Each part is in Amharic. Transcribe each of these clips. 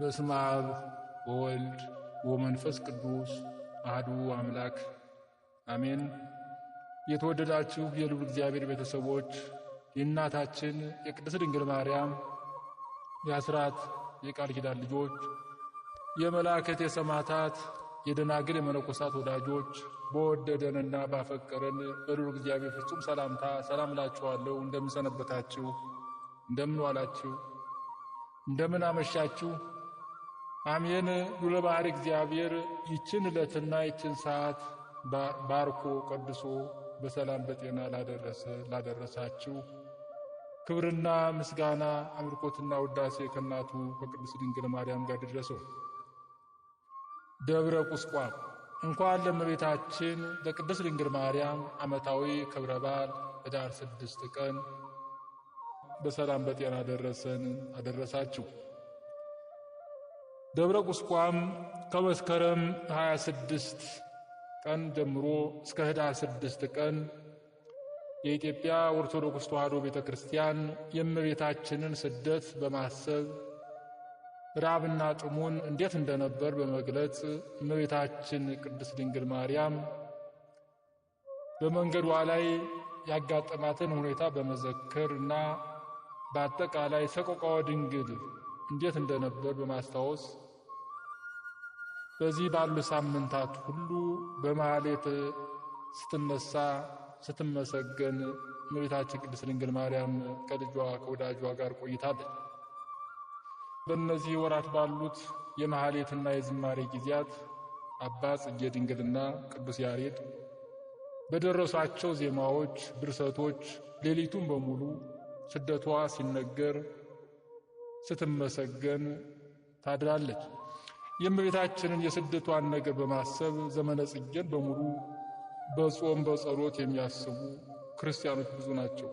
በስመ አብ ወወልድ ወመንፈስ ቅዱስ አህዱ አምላክ አሜን። የተወደዳችሁ የልዑል እግዚአብሔር ቤተሰቦች የእናታችን የቅድስት ድንግል ማርያም የአስራት የቃል ኪዳን ልጆች የመላእክት የሰማዕታት የደናግል የመነኮሳት ወዳጆች በወደደንና ባፈቀረን በልዑል እግዚአብሔር ፍጹም ሰላምታ ሰላም እላችኋለሁ። እንደምን ሰነበታችሁ? እንደምን ዋላችሁ? እንደምን አመሻችሁ? አሜን ዱለ ባህሪ እግዚአብሔር ይችን ዕለትና ይችን ሰዓት ባርኮ ቀድሶ በሰላም በጤና ላደረሰ ላደረሳችሁ ክብርና ምስጋና አምልኮትና ውዳሴ ከእናቱ ከቅድስት ድንግል ማርያም ጋር ደረሰው ደብረ ቁስቋም እንኳን ለእመቤታችን ለቅድስት ድንግል ማርያም ዓመታዊ ክብረ በዓል ኅዳር ስድስት ቀን በሰላም በጤና ደረሰን አደረሳችሁ። ደብረ ቁስቋም ከመስከረም 26 ቀን ጀምሮ እስከ ህዳር 6 ቀን የኢትዮጵያ ኦርቶዶክስ ተዋሕዶ ቤተ ክርስቲያን የእመቤታችንን ስደት በማሰብ ራብና ጥሙን እንዴት እንደነበር በመግለጽ እመቤታችን ቅድስት ድንግል ማርያም በመንገዷ ላይ ያጋጠማትን ሁኔታ በመዘከር እና በአጠቃላይ ሰቆቃወ ድንግል እንዴት እንደነበር በማስታወስ በዚህ ባሉ ሳምንታት ሁሉ በማህሌት ስትነሳ ስትመሰገን እመቤታችን ቅድስት ድንግል ማርያም ከልጇ ከወዳጇ ጋር ቆይታለች። በእነዚህ ወራት ባሉት የማህሌትና የዝማሬ ጊዜያት አባ ጽጌ ድንግልና ቅዱስ ያሬድ በደረሷቸው ዜማዎች፣ ድርሰቶች ሌሊቱን በሙሉ ስደቷ ሲነገር ስትመሰገን ታድራለች። የእመቤታችንን የስደቷን ነገር በማሰብ ዘመነ ጽጌን በሙሉ በጾም በጸሎት የሚያስቡ ክርስቲያኖች ብዙ ናቸው።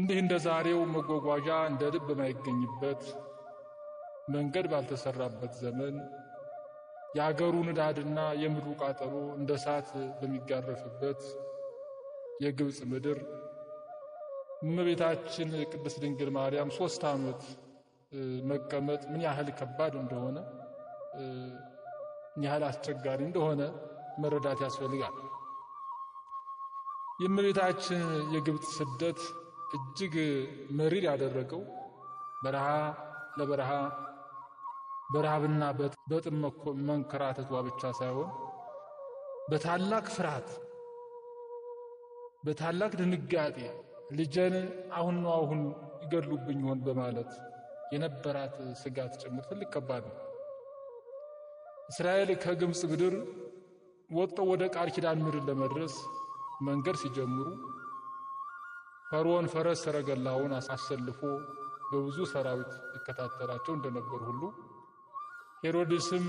እንዲህ እንደ ዛሬው መጓጓዣ እንደ ልብ በማይገኝበት መንገድ ባልተሰራበት ዘመን የአገሩ ንዳድና የምድሩ ቃጠሎ እንደ እሳት በሚጋረፍበት የግብፅ ምድር እመቤታችን ቅድስት ድንግል ማርያም ሦስት ዓመት መቀመጥ ምን ያህል ከባድ እንደሆነ ምን ያህል አስቸጋሪ እንደሆነ መረዳት ያስፈልጋል። የእመቤታችን የግብፅ ስደት እጅግ መሪር ያደረገው በረሃ ለበረሃ በረሃብና በጥም መንከራተቷ ብቻ ሳይሆን በታላቅ ፍርሃት በታላቅ ድንጋጤ ልጄን አሁን ነው አሁን ይገድሉብኝ ይሆን በማለት የነበራት ስጋት ጭምር ትልቅ ከባድ ነው። እስራኤል ከግብፅ ምድር ወጥተው ወደ ቃል ኪዳን ምድር ለመድረስ መንገድ ሲጀምሩ ፈርዖን ፈረስ ሰረገላውን አሰልፎ በብዙ ሰራዊት ይከታተላቸው እንደነበር ሁሉ ሄሮድስም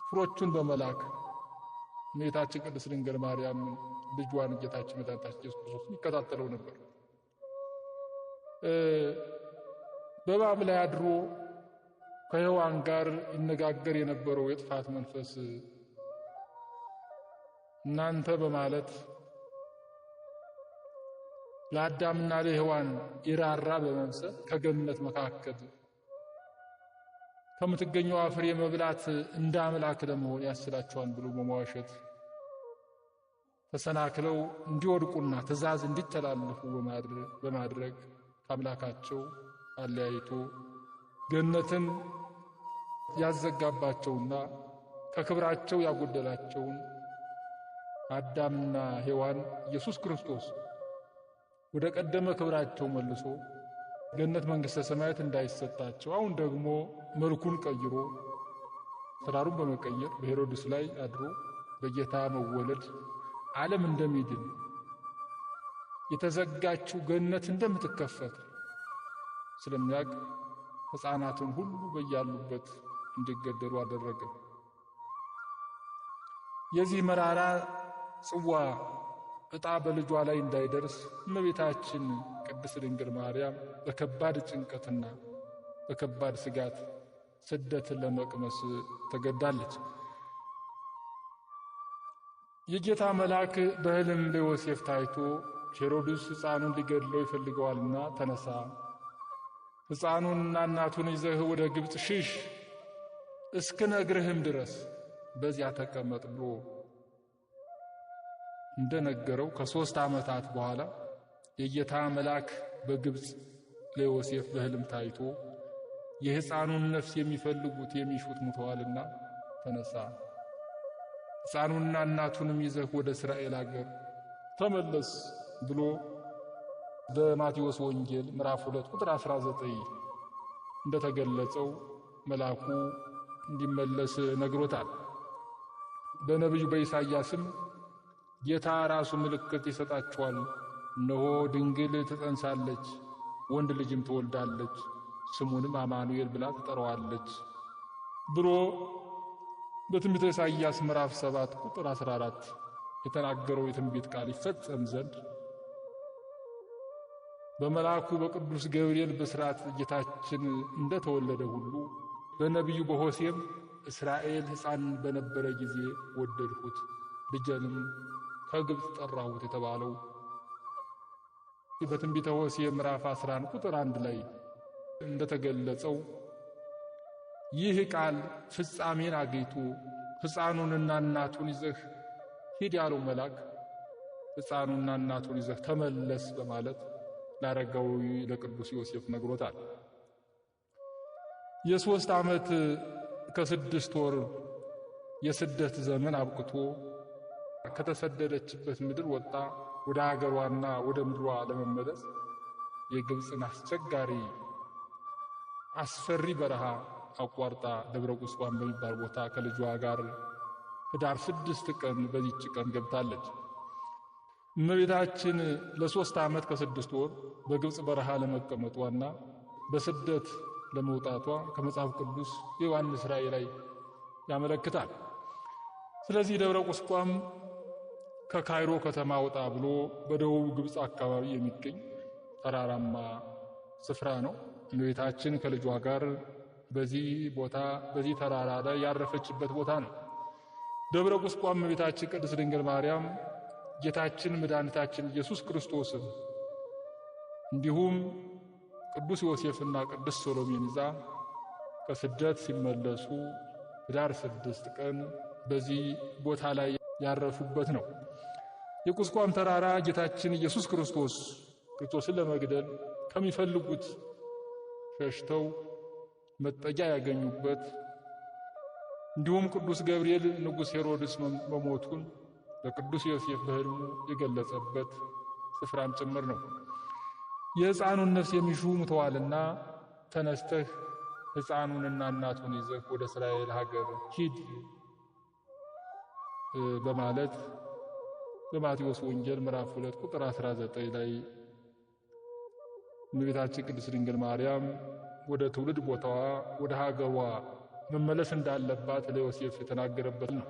ጭፍሮቹን በመላክ እመቤታችን ቅድስት ድንግል ማርያም ልጇን ጌታችን መድኃኒታችን ኢየሱስ ክርስቶስን ይከታተለው ነበር። በእባብ ላይ አድሮ ከሔዋን ጋር ይነጋገር የነበረው የጥፋት መንፈስ እናንተ በማለት ለአዳምና ለሔዋን ይራራ በመምሰል ከገነት መካከል ከምትገኘው አፍሬ መብላት እንደ አምላክ ለመሆን ያስችላቸዋል ብሎ በመዋሸት ተሰናክለው እንዲወድቁና ትእዛዝ እንዲተላለፉ በማድረግ ከአምላካቸው አለያይቶ ገነትን ያዘጋባቸውና ከክብራቸው ያጎደላቸውን አዳምና ሔዋን ኢየሱስ ክርስቶስ ወደ ቀደመ ክብራቸው መልሶ ገነት መንግሥተ ሰማያት እንዳይሰጣቸው አሁን ደግሞ መልኩን ቀይሮ ተራሩን በመቀየር በሄሮድስ ላይ አድሮ በጌታ መወለድ ዓለም እንደሚድን የተዘጋችው ገነት እንደምትከፈት ስለሚያውቅ ሕፃናትን ሁሉ በያሉበት እንዲገደሉ አደረገ። የዚህ መራራ ጽዋ ዕጣ በልጇ ላይ እንዳይደርስ እመቤታችን ቅድስት ድንግል ማርያም በከባድ ጭንቀትና በከባድ ስጋት ስደትን ለመቅመስ ተገዳለች። የጌታ መልአክ በሕልም ለዮሴፍ ታይቶ ሄሮድስ ሕፃኑን ሊገድለው ይፈልገዋልና ተነሳ ሕፃኑንና እናቱን ይዘህ ወደ ግብፅ ሽሽ እስክነግርህም ድረስ በዚያ ተቀመጥ ብሎ እንደነገረው ከሦስት ዓመታት በኋላ የጌታ መልአክ በግብፅ ለዮሴፍ በሕልም ታይቶ የሕፃኑን ነፍስ የሚፈልጉት የሚሹት ሙተዋልና ተነሳ፣ ሕፃኑንና እናቱንም ይዘህ ወደ እስራኤል አገር ተመለስ ብሎ በማቴዎስ ወንጌል ምዕራፍ 2 ቁጥር 19 እንደተገለጸው መልአኩ እንዲመለስ ነግሮታል። በነቢዩ በኢሳይያስም ጌታ ራሱ ምልክት ይሰጣቸዋል፣ እነሆ ድንግል ትጸንሳለች፣ ወንድ ልጅም ትወልዳለች፣ ስሙንም አማኑኤል ብላ ትጠራዋለች ብሎ በትንቢተ ኢሳይያስ ምዕራፍ 7 ቁጥር 14 የተናገረው የትንቢት ቃል ይፈጸም ዘንድ በመልአኩ በቅዱስ ገብርኤል ብስራት ጌታችን እንደተወለደ ሁሉ በነቢዩ በሆሴም እስራኤል ሕፃን በነበረ ጊዜ ወደድሁት ልጄንም ከግብፅ ጠራሁት የተባለው በትንቢተ ሆሴ ምዕራፍ 11 ቁጥር አንድ ላይ እንደተገለጸው ይህ ቃል ፍጻሜን አግኝቶ ሕፃኑንና እናቱን ይዘህ ሂድ ያለው መልአክ ሕፃኑና እናቱን ይዘህ ተመለስ በማለት ላረጋዊ ለቅዱስ ዮሴፍ ነግሮታል። የሦስት ዓመት ከስድስት ወር የስደት ዘመን አብቅቶ ከተሰደደችበት ምድር ወጣ ወደ ሀገሯና ወደ ምድሯ ለመመለስ የግብፅን አስቸጋሪ አስፈሪ በረሃ አቋርጣ ደብረ ቁስቋም በሚባል ቦታ ከልጇ ጋር ህዳር ስድስት ቀን በዚች ቀን ገብታለች። እመቤታችን ለሶስት ዓመት ከስድስት ወር በግብፅ በረሃ ለመቀመጧና በስደት ለመውጣቷ ከመጽሐፍ ቅዱስ የዮሐንስ ራእይ ላይ ያመለክታል። ስለዚህ ደብረ ቁስቋም ከካይሮ ከተማ ወጣ ብሎ በደቡብ ግብፅ አካባቢ የሚገኝ ተራራማ ስፍራ ነው። እመቤታችን ከልጇ ጋር በዚህ ቦታ በዚህ ተራራ ላይ ያረፈችበት ቦታ ነው። ደብረ ቁስቋም እመቤታችን ቅድስት ድንግል ማርያም ጌታችን መድኃኒታችን ኢየሱስ ክርስቶስን እንዲሁም ቅዱስ ዮሴፍና ቅዱስ ሰሎሜን ዛ ከስደት ሲመለሱ ህዳር ስድስት ቀን በዚህ ቦታ ላይ ያረፉበት ነው። የቁስቋም ተራራ ጌታችን ኢየሱስ ክርስቶስ ክርስቶስን ለመግደል ከሚፈልጉት ሸሽተው መጠጊያ ያገኙበት እንዲሁም ቅዱስ ገብርኤል ንጉሥ ሄሮድስ መሞቱን በቅዱስ ዮሴፍ በሕልሙ የገለጸበት ስፍራም ጭምር ነው። የሕፃኑን ነፍስ የሚሹ ሙተዋልና ተነስተህ ሕፃኑንና እናቱን ይዘህ ወደ እስራኤል ሀገር ሂድ በማለት በማቴዎስ ወንጌል ምዕራፍ 2 ቁጥር 19 ላይ እመቤታችን ቅድስት ድንግል ማርያም ወደ ትውልድ ቦታዋ ወደ ሀገሯ መመለስ እንዳለባት ለዮሴፍ የተናገረበት ነው።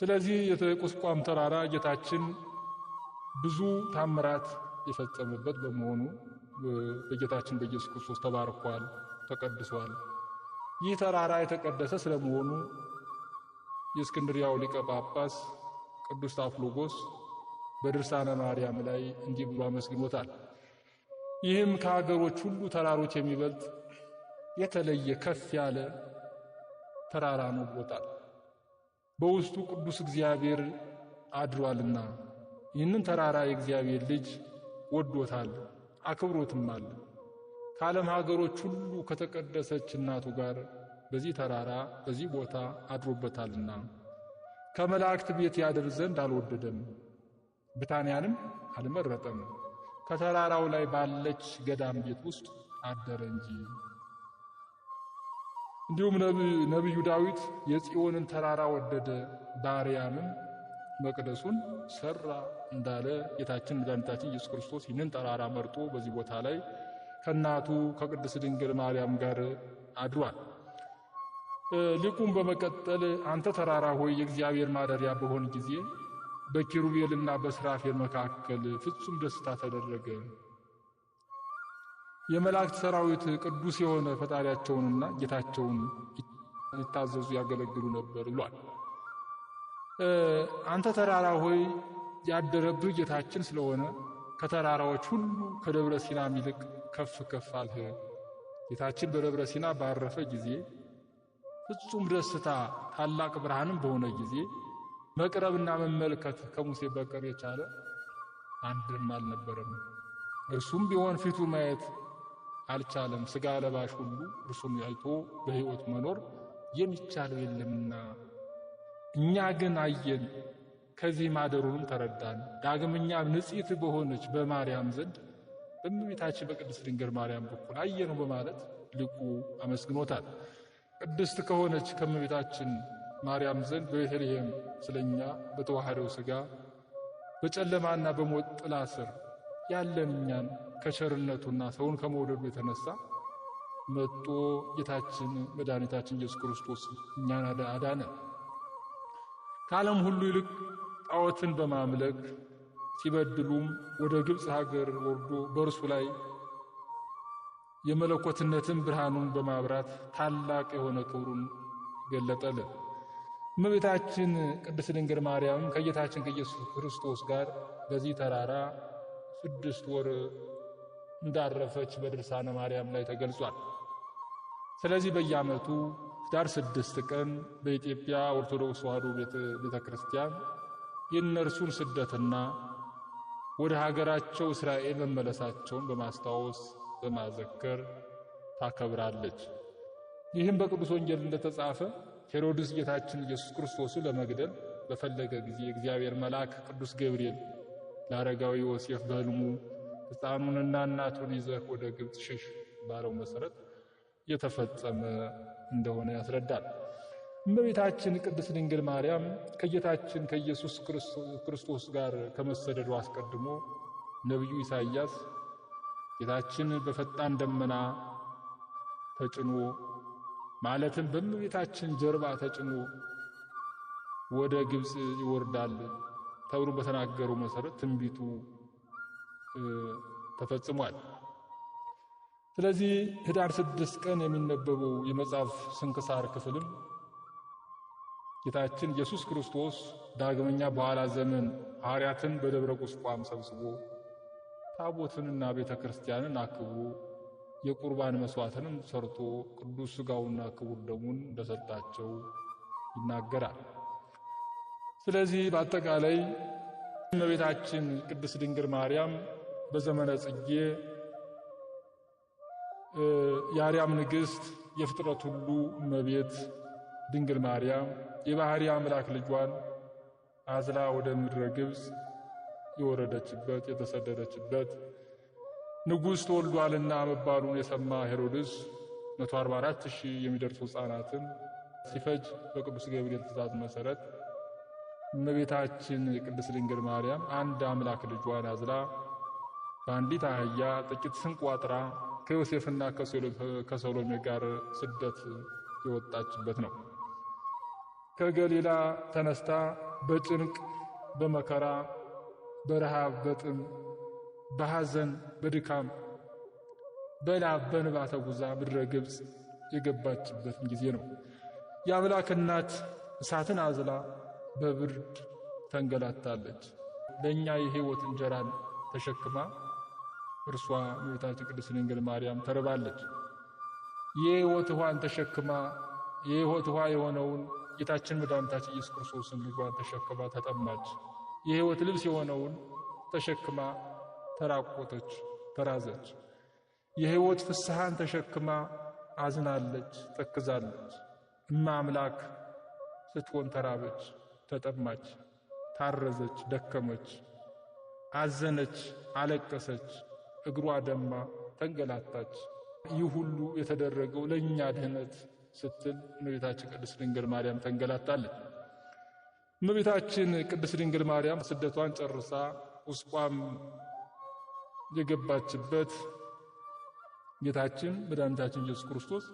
ስለዚህ የቁስቋም ተራራ ጌታችን ብዙ ታምራት የፈጸመበት በመሆኑ በጌታችን በኢየሱስ ክርስቶስ ተባርኳል፣ ተቀድሷል። ይህ ተራራ የተቀደሰ ስለመሆኑ የእስክንድሪያው ሊቀ ጳጳስ ቅዱስ ታፍሎጎስ በድርሳነ ማርያም ላይ እንዲህ ብሎ አመስግኖታል። ይህም ከሀገሮች ሁሉ ተራሮች የሚበልጥ የተለየ ከፍ ያለ ተራራ ነው ብሎታል። በውስጡ ቅዱስ እግዚአብሔር አድሯልና ይህንን ተራራ የእግዚአብሔር ልጅ ወዶታል አክብሮትማል። ከዓለም ሀገሮች ሁሉ ከተቀደሰች እናቱ ጋር በዚህ ተራራ በዚህ ቦታ አድሮበታልና ከመላእክት ቤት ያድር ዘንድ አልወደደም፣ ብታንያንም አልመረጠም። ከተራራው ላይ ባለች ገዳም ቤት ውስጥ አደረ እንጂ እንዲሁም ነቢዩ ዳዊት የጽዮንን ተራራ ወደደ በአርያምም መቅደሱን ሰራ እንዳለ ጌታችን መድኃኒታችን ኢየሱስ ክርስቶስ ይህንን ተራራ መርጦ በዚህ ቦታ ላይ ከእናቱ ከቅድስት ድንግል ማርያም ጋር አድሯል። ሊቁም በመቀጠል አንተ ተራራ ሆይ የእግዚአብሔር ማደሪያ በሆን ጊዜ በኪሩቤልና በስራፌል መካከል ፍጹም ደስታ ተደረገ። የመላእክት ሰራዊት ቅዱስ የሆነ ፈጣሪያቸውንና ጌታቸውን ሊታዘዙ ያገለግሉ ነበር ብሏል። አንተ ተራራ ሆይ ያደረብህ ጌታችን ስለሆነ ከተራራዎች ሁሉ ከደብረ ሲናም ይልቅ ከፍ ከፍ አልህ። ጌታችን በደብረ ሲና ባረፈ ጊዜ ፍጹም ደስታ ታላቅ ብርሃንም በሆነ ጊዜ መቅረብና መመልከት ከሙሴ በቀር የቻለ አንድም አልነበረም። እርሱም ቢሆን ፊቱ ማየት አልቻለም። ስጋ ለባሽ ሁሉ እርሱን አይቶ በሕይወት መኖር የሚቻለው የለምና እኛ ግን አየን፣ ከዚህ ማደሩንም ተረዳን። ዳግምኛ ንጽሕት በሆነች በማርያም ዘንድ በእመቤታችን በቅድስት ድንግል ማርያም በኩል አየነው በማለት ሊቁ አመስግኖታል። ቅድስት ከሆነች ከእመቤታችን ማርያም ዘንድ በቤተልሔም ስለኛ በተዋህደው ሥጋ በጨለማና በሞት ጥላ ስር ያለን እኛን ከቸርነቱና ሰውን ከመውደዱ የተነሳ መጦ ጌታችን መድኃኒታችን ኢየሱስ ክርስቶስ እኛን አዳነ። ከዓለም ሁሉ ይልቅ ጣዖትን በማምለክ ሲበድሉም ወደ ግብፅ ሀገር ወርዶ በእርሱ ላይ የመለኮትነትን ብርሃኑን በማብራት ታላቅ የሆነ ክብሩን ገለጠልን። እመቤታችን ቅድስት ድንግል ማርያም ከጌታችን ከኢየሱስ ክርስቶስ ጋር በዚህ ተራራ ስድስት ወር እንዳረፈች በድርሳነ ማርያም ላይ ተገልጿል። ስለዚህ በየዓመቱ ህዳር ስድስት ቀን በኢትዮጵያ ኦርቶዶክስ ተዋህዶ ቤተ ክርስቲያን የእነርሱን ስደትና ወደ ሀገራቸው እስራኤል መመለሳቸውን በማስታወስ በማዘከር ታከብራለች። ይህም በቅዱስ ወንጌል እንደተጻፈ ሄሮድስ ጌታችን ኢየሱስ ክርስቶስን ለመግደል በፈለገ ጊዜ እግዚአብሔር መልአክ ቅዱስ ገብርኤል ለአረጋዊ ዮሴፍ በሕልሙ ሕፃኑንና እናቱን ይዘህ ወደ ግብፅ ሽሽ ባለው መሰረት የተፈጸመ እንደሆነ ያስረዳል። እመቤታችን ቅድስት ድንግል ማርያም ከጌታችን ከኢየሱስ ክርስቶስ ጋር ከመሰደዱ አስቀድሞ ነቢዩ ኢሳይያስ ጌታችን በፈጣን ደመና ተጭኖ ማለትም በእመቤታችን ጀርባ ተጭኖ ወደ ግብፅ ይወርዳል ተብሎ በተናገሩ መሠረት ትንቢቱ ተፈጽሟል። ስለዚህ ህዳር ስድስት ቀን የሚነበበው የመጽሐፍ ስንክሳር ክፍልም ጌታችን ኢየሱስ ክርስቶስ ዳግመኛ በኋላ ዘመን ሐዋርያትን በደብረ ቁስቋም ሰብስቦ ታቦትንና ቤተ ክርስቲያንን አክብሮ የቁርባን መሥዋዕትንም ሰርቶ ቅዱስ ሥጋውና ክቡር ደሙን እንደሰጣቸው ይናገራል። ስለዚህ በአጠቃላይ እመቤታችን ቅድስት ድንግል ማርያም በዘመነ ጽጌ የአርያም ንግሥት የፍጥረት ሁሉ እመቤት ድንግል ማርያም የባሕሪ አምላክ ልጇን አዝላ ወደ ምድረ ግብፅ የወረደችበት የተሰደደችበት ንጉሥ ተወልዷልና መባሉን የሰማ ሄሮድስ 144 ሺህ የሚደርሱ ሕፃናትን ሲፈጅ በቅዱስ ገብርኤል ትእዛዝ መሠረት እመቤታችን የቅድስት ድንግል ማርያም አንድ አምላክ ልጇን አዝላ በአንዲት አህያ ጥቂት ስንቅ ቋጥራ ከዮሴፍና ከሰሎሜ ጋር ስደት የወጣችበት ነው። ከገሊላ ተነስታ በጭንቅ በመከራ በረሃብ በጥም በሐዘን በድካም በላብ በንባ ተጉዛ ምድረ ግብፅ የገባችበትን ጊዜ ነው። የአምላክ እናት እሳትን አዝላ በብርድ ተንገላታለች። ለእኛ የሕይወት እንጀራን ተሸክማ እርሷ እመቤታችን ቅድስት ድንግል ማርያም ተርባለች። የሕይወት ውሃን ተሸክማ የሕይወት ውሃ የሆነውን ጌታችን መድኃኒታችን ኢየሱስ ክርስቶስን ልጇን ተሸክማ ተጠማች። የሕይወት ልብስ የሆነውን ተሸክማ ተራቆተች፣ ተራዘች። የሕይወት ፍስሐን ተሸክማ አዝናለች፣ ተክዛለች። እማ አምላክ ስትሆን ተራበች፣ ተጠማች፣ ታረዘች፣ ደከመች፣ አዘነች፣ አለቀሰች። እግሯ ደማ፣ ተንገላታች። ይህ ሁሉ የተደረገው ለእኛ ድህነት ስትል እመቤታችን ቅድስት ድንግል ማርያም ተንገላታለች። እመቤታችን ቅድስት ድንግል ማርያም ስደቷን ጨርሳ ውስቋም የገባችበት ጌታችን መድኃኒታችን ኢየሱስ ክርስቶስ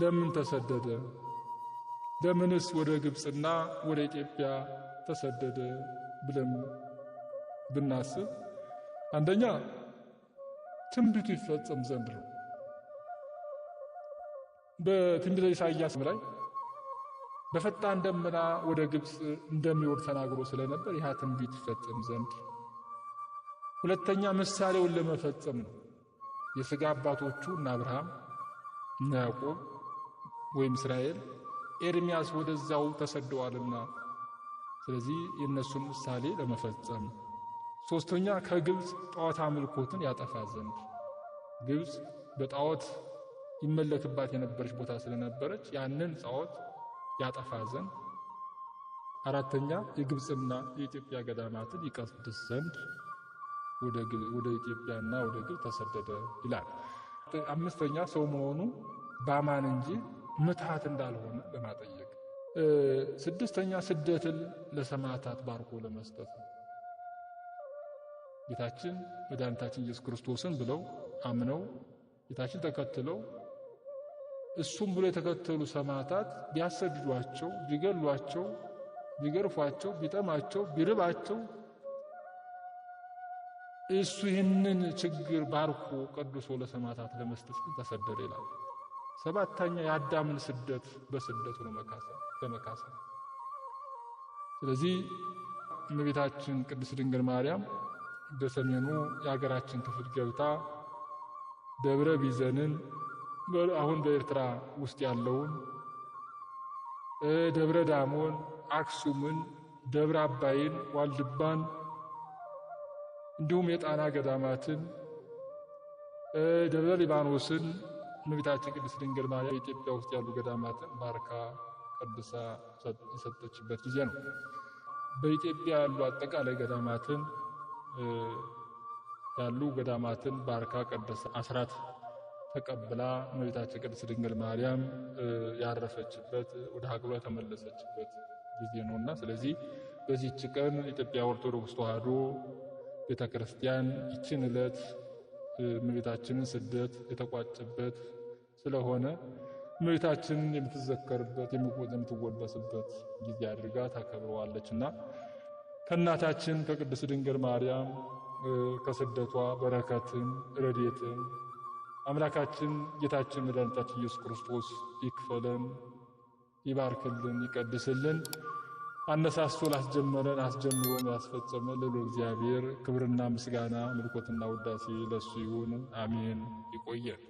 ለምን ተሰደደ? ለምንስ ወደ ግብፅና ወደ ኢትዮጵያ ተሰደደ ብለን ብናስብ አንደኛ ትንቢቱ ይፈጸም ዘንድ ነው። በትንቢተ ኢሳይያስ ላይ በፈጣን ደመና ወደ ግብፅ እንደሚወርድ ተናግሮ ስለነበር ይህ ትንቢት ይፈጸም ዘንድ፣ ሁለተኛ ምሳሌውን ለመፈጸም ነው። የሥጋ አባቶቹ እነ አብርሃም እነ ያዕቆብ ወይም እስራኤል ኤርሚያስ ወደዛው ተሰደዋልና፣ ስለዚህ የእነሱን ምሳሌ ለመፈጸም ሶስተኛ ከግብፅ ጣዖት አምልኮትን ያጠፋ ዘንድ ግብፅ በጣዖት ይመለክባት የነበረች ቦታ ስለነበረች ያንን ጣዖት ያጠፋ ዘንድ አራተኛ የግብፅና የኢትዮጵያ ገዳማትን ይቀድስ ዘንድ ወደ ኢትዮጵያና ወደ ግብፅ ተሰደደ ይላል። አምስተኛ ሰው መሆኑ በአማን እንጂ ምትሃት እንዳልሆነ ለማጠየቅ ስድስተኛ ስደትን ለሰማዕታት ባርኮ ለመስጠት ነው። ጌታችን መድኃኒታችን ኢየሱስ ክርስቶስን ብለው አምነው ጌታችን ተከትለው እሱም ብሎ የተከተሉ ሰማዕታት ቢያሰድዷቸው፣ ቢገሏቸው፣ ቢገርፏቸው፣ ቢጠማቸው፣ ቢርባቸው እሱ ይህንን ችግር ባርኮ ቀድሶ ለሰማዕታት ለመስጠት ግን ተሰደደ ይላል። ሰባተኛ የአዳምን ስደት በስደቱ ለመካሰብ ስለዚህ እመቤታችን ቅድስት ድንግል ማርያም በሰሜኑ የሀገራችን ክፍል ገብታ ደብረ ቢዘንን አሁን በኤርትራ ውስጥ ያለውን ደብረ ዳሞን፣ አክሱምን፣ ደብረ አባይን፣ ዋልድባን እንዲሁም የጣና ገዳማትን ደብረ ሊባኖስን እመቤታችን ቅድስት ድንግል ማርያም በኢትዮጵያ ውስጥ ያሉ ገዳማትን ባርካ ቀድሳ የሰጠችበት ጊዜ ነው። በኢትዮጵያ ያሉ አጠቃላይ ገዳማትን ያሉ ገዳማትን ባርካ ቀደሰ አስራት ተቀብላ እመቤታችን ቅድስት ድንግል ማርያም ያረፈችበት ወደ ሀገሯ የተመለሰችበት ጊዜ ነውና፣ ስለዚህ በዚህች ቀን ኢትዮጵያ ኦርቶዶክስ ተዋህዶ ቤተ ክርስቲያን ይችን ዕለት እመቤታችንን ስደት የተቋጨበት ስለሆነ እመቤታችንን የምትዘከርበት የምትወደስበት ጊዜ አድርጋ ታከብረዋለችና ከእናታችን ከቅድስት ድንግል ማርያም ከስደቷ በረከትን ረድኤትን አምላካችን ጌታችን መድኃኒታችን ኢየሱስ ክርስቶስ ይክፈለን፣ ይባርክልን፣ ይቀድስልን። አነሳስቶ ላስጀመረን አስጀምሮን ያስፈጸመ ልዑል እግዚአብሔር ክብርና ምስጋና ምልኮትና ውዳሴ ለሱ ይሁን። አሜን። ይቆየን።